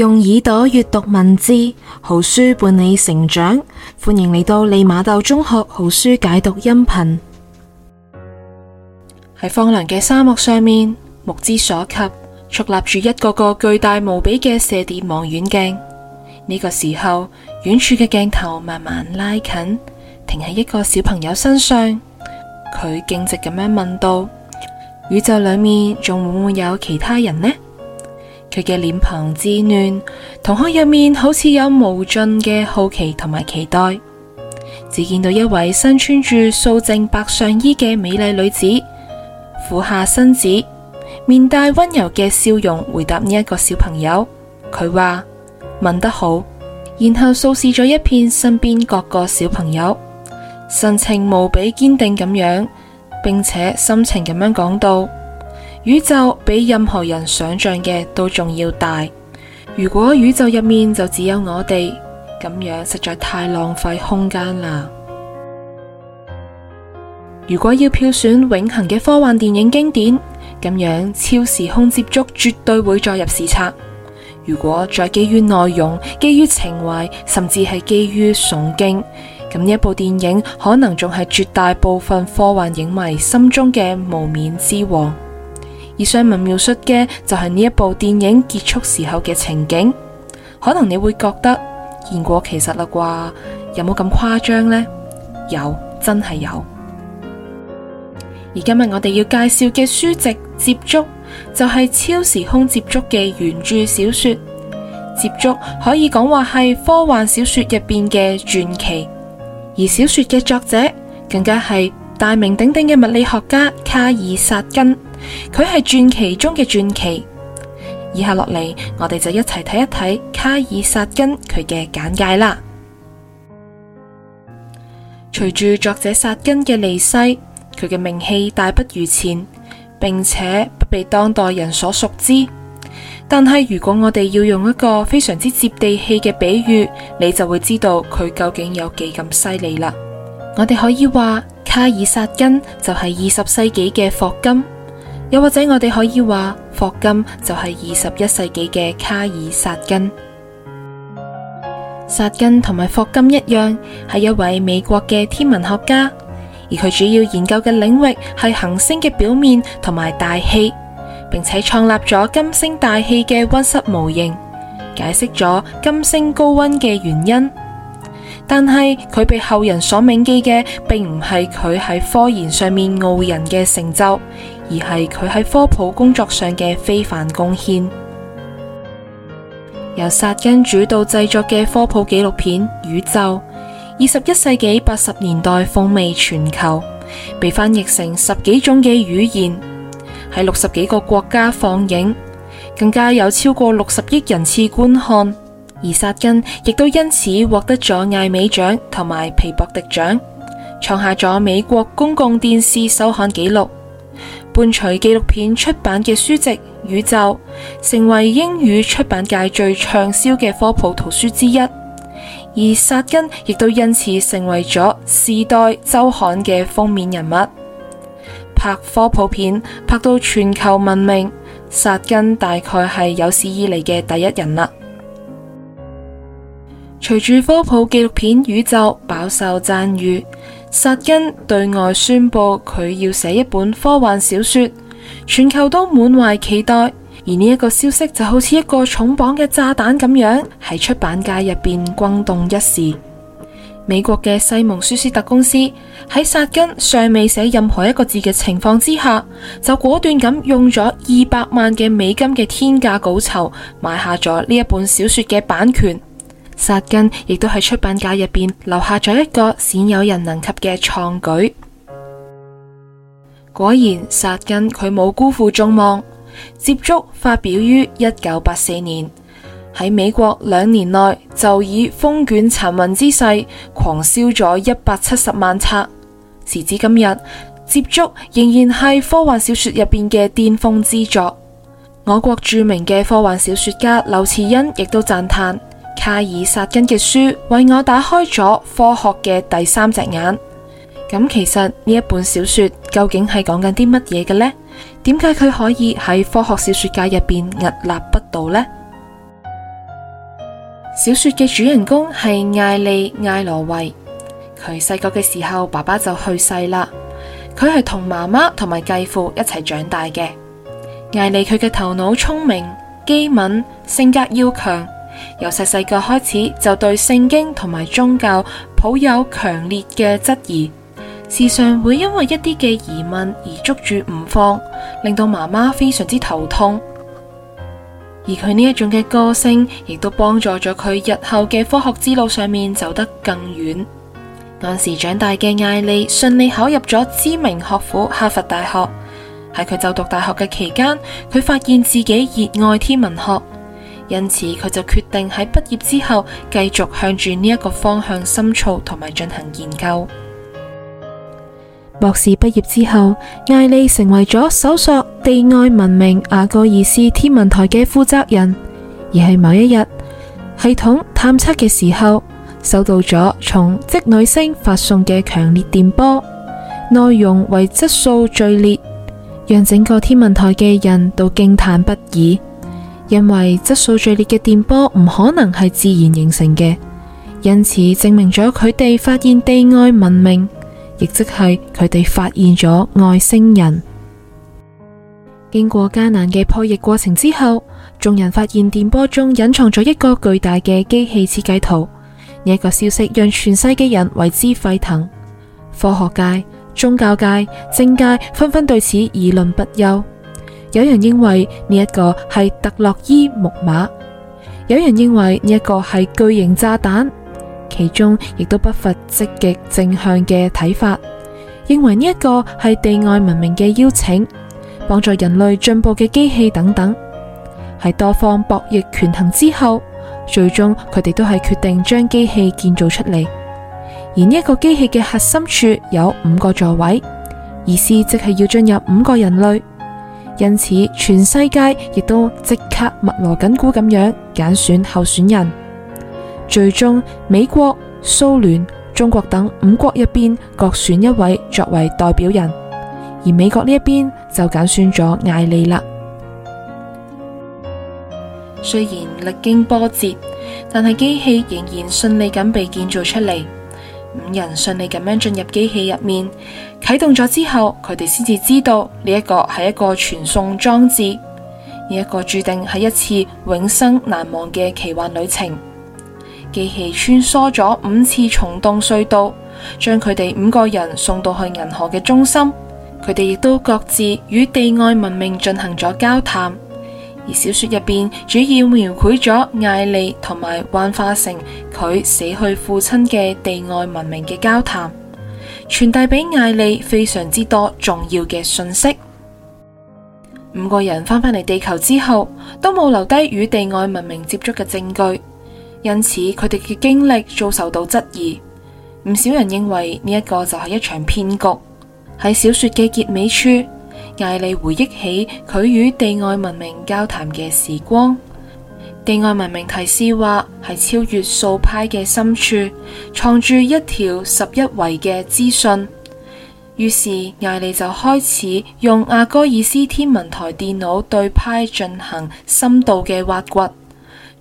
用耳朵閱讀文字，好書伴你成長。歡迎嚟到利瑪竇中學好書解讀音頻。喺荒涼嘅沙漠上面，目之所及，矗立住一個個巨大無比嘅射電望遠鏡。呢、這個時候，遠處嘅鏡頭慢慢拉近，停喺一個小朋友身上。佢徑直咁樣問道：宇宙裏面仲會唔會有其他人呢？佢嘅臉龐稚嫩，瞳孔入面好似有無盡嘅好奇同埋期待。只見到一位身穿住素淨白上衣嘅美麗女子，俯下身子，面帶溫柔嘅笑容回答呢一個小朋友。佢話問得好，然後掃視咗一遍身邊各個小朋友，神情無比堅定咁樣，並且深情咁樣講道。宇宙比任何人想象嘅都仲要大。如果宇宙入面就只有我哋咁樣，實在太浪費空間啦。如果要票選永恒嘅科幻電影經典，咁樣超時空接觸絕對會再入史冊。如果再基於內容、基於情懷，甚至係基於崇敬，咁呢一部電影可能仲係絕大部分科幻影迷心中嘅無冕之王。以上文描述嘅就係呢一部電影結束時候嘅情景，可能你會覺得言過其實啦啩，有冇咁誇張呢？有，真係有。而今日我哋要介紹嘅書籍《接觸》，就係超時空接觸嘅原著小說《接觸》，可以講話係科幻小說入邊嘅傳奇。而小說嘅作者更加係大名鼎鼎嘅物理學家卡爾薩根。佢係傳奇中嘅傳奇。以下落嚟，我哋就一齊睇一睇卡爾薩根佢嘅簡介啦。隨住作者薩根嘅離世，佢嘅名氣大不如前，並且不被當代人所熟知。但係如果我哋要用一個非常之接地氣嘅比喻，你就會知道佢究竟有幾咁犀利啦。我哋可以話，卡爾薩根就係二十世紀嘅霍金。又或者，我哋可以話霍金就係二十一世紀嘅卡爾薩根。薩根同埋霍金一樣，係一位美國嘅天文學家，而佢主要研究嘅領域係行星嘅表面同埋大氣，並且創立咗金星大氣嘅溫室模型，解釋咗金星高溫嘅原因。但係佢被後人所銘記嘅，並唔係佢喺科研上面傲人嘅成就。而係佢喺科普工作上嘅非凡貢獻。由薩根主導製作嘅科普紀錄片《宇宙》，二十一世紀八十年代風靡全球，被翻譯成十幾種嘅語言，喺六十幾個國家放映,更加有超過六十億人次觀看。而薩根亦都因此獲得咗艾美獎同埋皮博迪獎，創下咗美國公共電視收看紀錄。伴隨紀錄片出版嘅書籍《宇宙》成為英語出版界最暢銷嘅科普圖書之一，而薩根亦都因此成為咗《時代週刊》嘅封面人物。拍科普片拍到全球聞名，薩根大概係有史以嚟嘅第一人啦。隨住科普紀錄片《宇宙》飽受讚譽。沙根對外宣佈佢要寫一本科幻小說，全球都滿懷期待。而呢一個消息，就好似一個重磅嘅炸彈咁樣，喺出版界入邊轟動一時。美國嘅西蒙舒斯特公司喺沙根尚未寫任何一個字嘅情況之下，就果斷咁用咗二百萬嘅美金嘅天價稿酬買下咗呢一本小說嘅版權。薩根亦都喺出版界入邊留下咗一個鮮有人能及嘅創舉。果然，薩根佢冇辜負眾望，《接觸》發表於一九八四年，喺美國兩年內就以風捲殘雲之勢狂銷咗一百七十萬冊。時至今日，《接觸》仍然係科幻小說入邊嘅巔峰之作。我國著名嘅科幻小說家劉慈欣亦都讚嘆。卡爾薩根嘅書為我打開咗科學嘅第三隻眼。咁其實呢一本小說究竟係講緊啲乜嘢嘅呢？點解佢可以喺科學小說界入邊屹立不倒呢？小說嘅主人公係艾利艾羅維，佢細個嘅時候爸爸就去世啦。佢係同媽媽同埋繼父一齊長大嘅。艾利佢嘅頭腦聰明、機敏，性格要強。由細細個開始就對聖經同埋宗教抱有強烈嘅質疑，時常會因為一啲嘅疑問而捉住唔放，令到媽媽非常之頭痛。而佢呢一種嘅個性，亦都幫助咗佢日後嘅科學之路上面走得更遠。當時長大嘅艾莉順利考入咗知名學府哈佛大學。喺佢就讀大學嘅期間，佢發現自己熱愛天文學。因此，佢就決定喺畢業之後繼續向住呢一個方向深造同埋進行研究。博士畢業之後，艾莉成為咗搜索地外文明阿蓋爾斯天文台嘅負責人。而喺某一日，系統探測嘅時候，收到咗從織女星發送嘅強烈電波，內容為質素序列，讓整個天文台嘅人都驚嘆不已。因為質素序列嘅電波唔可能係自然形成嘅，因此證明咗佢哋發現地外文明，亦即係佢哋發現咗外星人。經過艱難嘅破譯過程之後，眾人發現電波中隱藏咗一個巨大嘅機器設計圖。呢一個消息讓全世界人為之沸騰，科學界、宗教界、政界紛紛對此議論不休。有人認為呢一個係特洛伊木馬，有人認為呢一個係巨型炸彈，其中亦都不乏積極正向嘅睇法，認為呢一個係地外文明嘅邀請，幫助人類進步嘅機器等等，喺多方博弈權衡之後，最終佢哋都係決定將機器建造出嚟。而呢一個機器嘅核心處有五個座位，意思即係要進入五個人類。因此，全世界亦都即刻密鑼緊鼓咁樣揀選候選人，最終美國、蘇聯、中國等五國一邊各選一位作為代表人，而美國呢一邊就揀選咗艾莉啦。雖然歷經波折，但係機器仍然順利咁被建造出嚟。五人順利咁樣進入機器入面，啟動咗之後，佢哋先至知道呢一個係一個傳送裝置。呢一個注定係一次永生難忘嘅奇幻旅程。機器穿梭咗五次蟲洞隧道，將佢哋五個人送到去銀河嘅中心。佢哋亦都各自與地外文明進行咗交談。而小說入邊主要描繪咗艾莉同埋幻化成佢死去父親嘅地外文明嘅交談，傳遞俾艾莉非常之多重要嘅信息。五個人翻返嚟地球之後，都冇留低與地外文明接觸嘅證據，因此佢哋嘅經歷遭受到質疑。唔少人認為呢一個就係一場騙局。喺小說嘅結尾處。艾利回憶起佢與地外文明交談嘅時光，地外文明提示話係超越數派嘅深處藏住一條十一維嘅資訊，於是艾利就開始用阿哥爾斯天文台電腦對派進行深度嘅挖掘。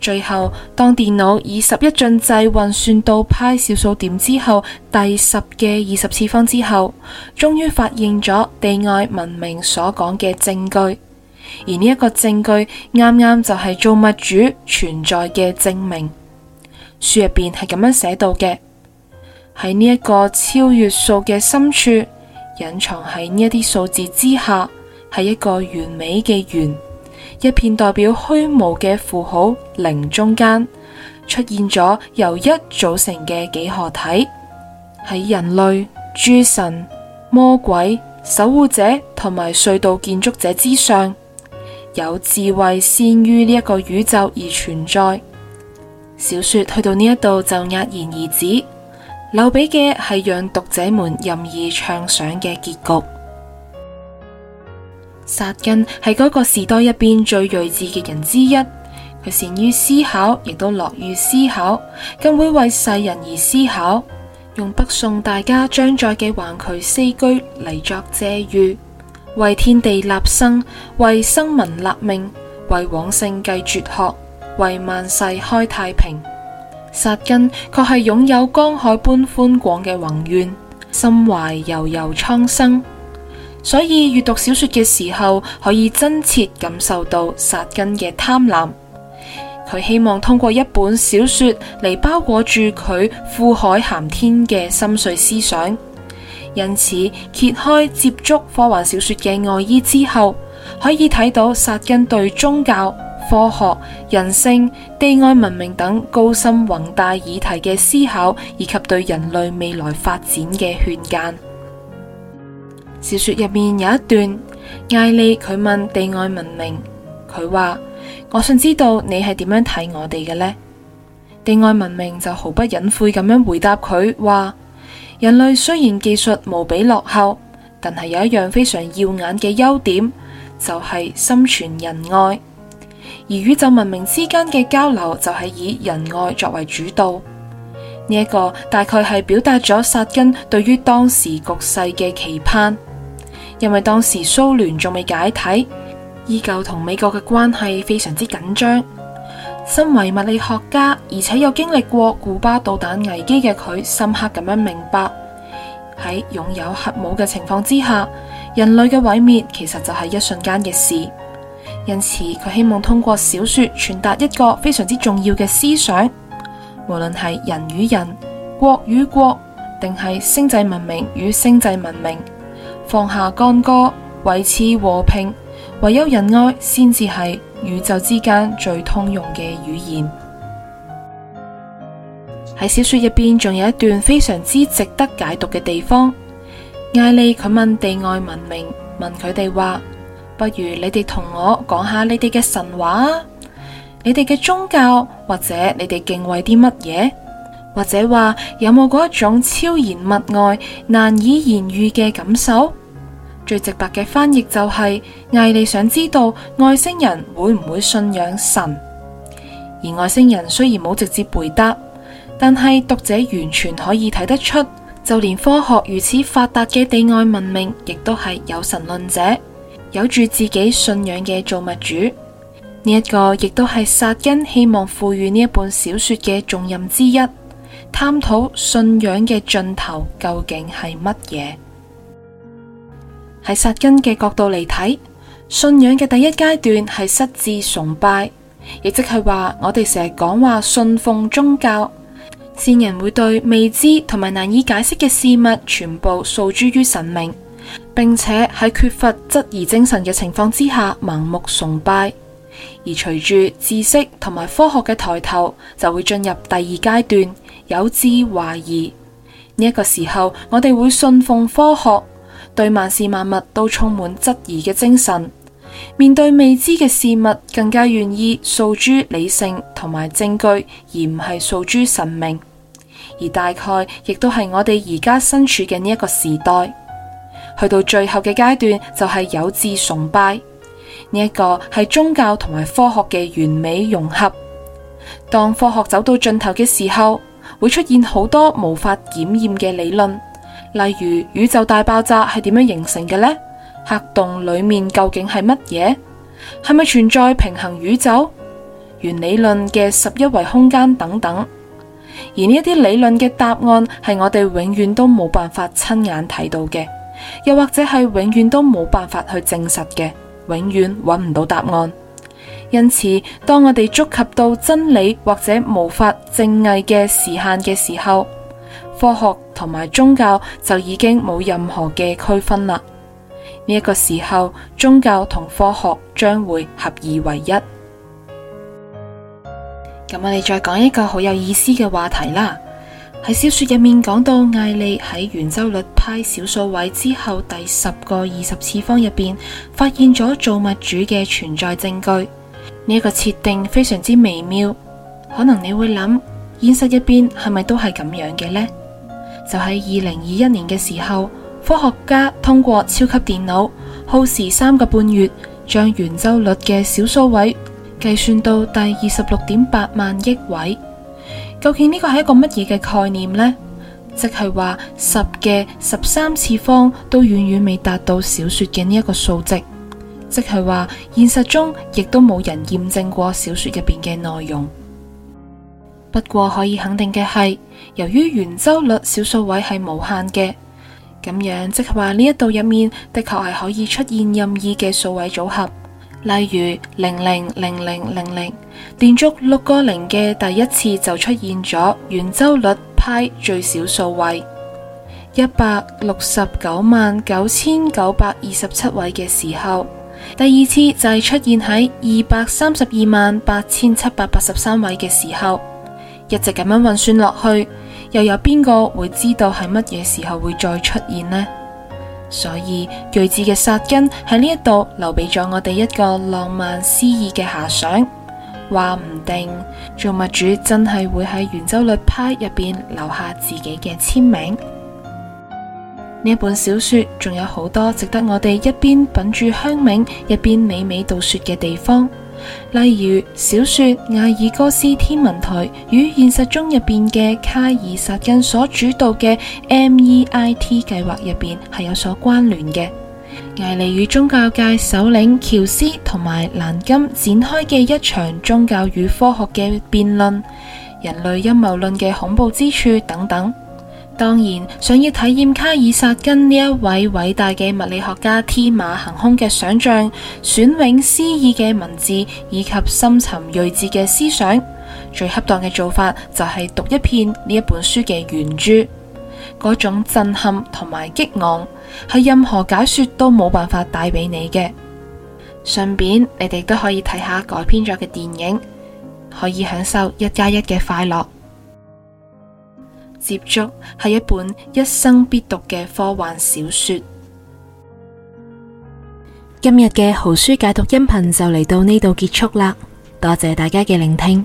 最後，當電腦以十一進制運算到派小數點之後，第十嘅二十次方之後，終於發現咗地外文明所講嘅證據，而呢一個證據啱啱就係造物主存在嘅證明。書入邊係咁樣寫到嘅：喺呢一個超越數嘅深處，隱藏喺呢一啲數字之下，係一個完美嘅圓。一片代表虛無嘅符號零中間，出現咗由一組成嘅幾何體。喺人類、諸神、魔鬼、守護者同埋隧道建築者之上，有智慧先於呢一個宇宙而存在。小說去到呢一度就戛然而止，留俾嘅係讓讀者們任意暢想嘅結局。薩根係嗰個時代入邊最睿智嘅人之一，佢善於思考，亦都樂於思考，更會為世人而思考。用北宋大家張載嘅橫渠四句嚟作借喻：為天地立心，為生民立命，為往聖繼絕學，為萬世開太平。薩根確係擁有江海般寬廣嘅宏願，心懷悠悠蒼生。所以閱讀小說嘅時候，可以真切感受到薩根嘅貪婪。佢希望通過一本小說嚟包裹住佢富海咸天嘅深邃思想。因此，揭開接觸科幻小說嘅外衣之後，可以睇到薩根對宗教、科學、人性、地外文明等高深宏大議題嘅思考，以及對人類未來發展嘅勸諫。小說入面有一段艾莉佢問地外文明，佢話：我想知道你係點樣睇我哋嘅呢？」地外文明就毫不隱晦咁樣回答佢話：人類雖然技術無比落後，但係有一樣非常耀眼嘅優點，就係心存仁愛。而宇宙文明之間嘅交流就係以仁愛作為主導。呢一個大概係表達咗薩根對於當時局勢嘅期盼。因為當時蘇聯仲未解體，依舊同美國嘅關係非常之緊張。身為物理學家，而且又經歷過古巴導彈危機嘅佢，深刻咁樣明白，喺擁有核武嘅情況之下，人類嘅毀滅其實就係一瞬間嘅事。因此，佢希望通過小說傳達一個非常之重要嘅思想：無論係人與人、國與國，定係星際文明與星際文明。.放下干戈，維持和平，唯有仁愛先至係宇宙之間最通用嘅語言。喺 小說入邊仲有一段非常之值得解讀嘅地方，艾莉佢問地外文明，問佢哋話：不如你哋同我講下你哋嘅神話，你哋嘅宗教，或者你哋敬畏啲乜嘢，或者話有冇嗰一種超然物外、難以言喻嘅感受？最直白嘅翻譯就係艾利想知道外星人會唔會信仰神，而外星人雖然冇直接回答，但係讀者完全可以睇得出，就連科學如此發達嘅地外文明，亦都係有神論者，有住自己信仰嘅造物主。呢、這、一個亦都係薩根希望賦予呢一本小說嘅重任之一，探討信仰嘅盡頭究竟係乜嘢。喺薩根嘅角度嚟睇，信仰嘅第一階段係失智崇拜，亦即係話我哋成日講話信奉宗教，善人會對未知同埋難以解釋嘅事物全部訴諸於神明，並且喺缺乏質疑精神嘅情況之下盲目崇拜。而隨住知識同埋科學嘅抬頭，就會進入第二階段有志懷疑，呢一個時候，我哋會信奉科學。對萬事萬物都充滿質疑嘅精神，面對未知嘅事物更加願意訴諸理性同埋證據，而唔係訴諸神明。而大概亦都係我哋而家身處嘅呢一個時代。去到最後嘅階段就係有志崇拜。呢一個係宗教同埋科學嘅完美融合。當科學走到盡頭嘅時候，會出現好多無法檢驗嘅理論。例如宇宙大爆炸係點樣形成嘅咧？黑洞裏面究竟係乜嘢？係咪存在平衡宇宙？原理論嘅十一維空間等等。而呢一啲理論嘅答案係我哋永遠都冇辦法親眼睇到嘅，又或者係永遠都冇辦法去證實嘅，永遠揾唔到答案。因此，當我哋觸及到真理或者無法證偽嘅時限嘅時候，科學同埋宗教就已經冇任何嘅區分啦。呢一個時候，宗教同科學將會合二為一。咁我哋再講一個好有意思嘅話題啦。喺小說入面講到艾利喺圓周率派小數位之後第十個二十次方入邊，發現咗造物主嘅存在證據。呢一個設定非常之微妙，可能你會諗現實入邊係咪都係咁樣嘅呢？就喺二零二一年嘅時候，科學家通過超級電腦耗時三個半月，將圓周率嘅小數位計算到第二十六點八萬億位。究竟呢個係一個乜嘢嘅概念呢？即係話十嘅十三次方都遠遠未達到小說嘅呢一個數值，即係話現實中亦都冇人驗證過小說入邊嘅內容。不過可以肯定嘅係，由於圓周率小數位係無限嘅，咁樣即係話呢一度入面的確係可以出現任意嘅數位組合，例如零零零零零零，連續六個零嘅第一次就出現咗圓周率派最小數位一百六十九萬九千九百二十七位嘅時候，第二次就係出現喺二百三十二萬八千七百八十三位嘅時候。一直咁樣運算落去，又有邊個會知道係乜嘢時候會再出現呢？所以睿智嘅薩根喺呢一度留俾咗我哋一個浪漫詩意嘅遐想，話唔定造物主真係會喺圓周率派入邊留下自己嘅簽名。呢本小說仲有好多值得我哋一邊品住香茗一邊娓娓道說嘅地方。例如小說艾爾哥斯天文台與現實中入邊嘅卡爾薩根所主導嘅 MEIT 計劃入邊係有所關聯嘅，艾利與宗教界首領喬斯同埋蘭金展開嘅一場宗教與科學嘅辯論，人類陰謀論嘅恐怖之處等等。當然，想要體驗卡爾薩根呢一位偉大嘅物理學家天馬行空嘅想象、雋永詩意嘅文字以及深沉睿智嘅思想，最恰當嘅做法就係讀一遍呢一本書嘅原著。嗰種震撼同埋激昂，係任何解說都冇辦法帶俾你嘅。順便，你哋都可以睇下改編咗嘅電影，可以享受一加一嘅快樂。接觸係一本一生必讀嘅科幻小說。今日嘅好書解讀音頻就嚟到呢度結束啦，多謝大家嘅聆聽。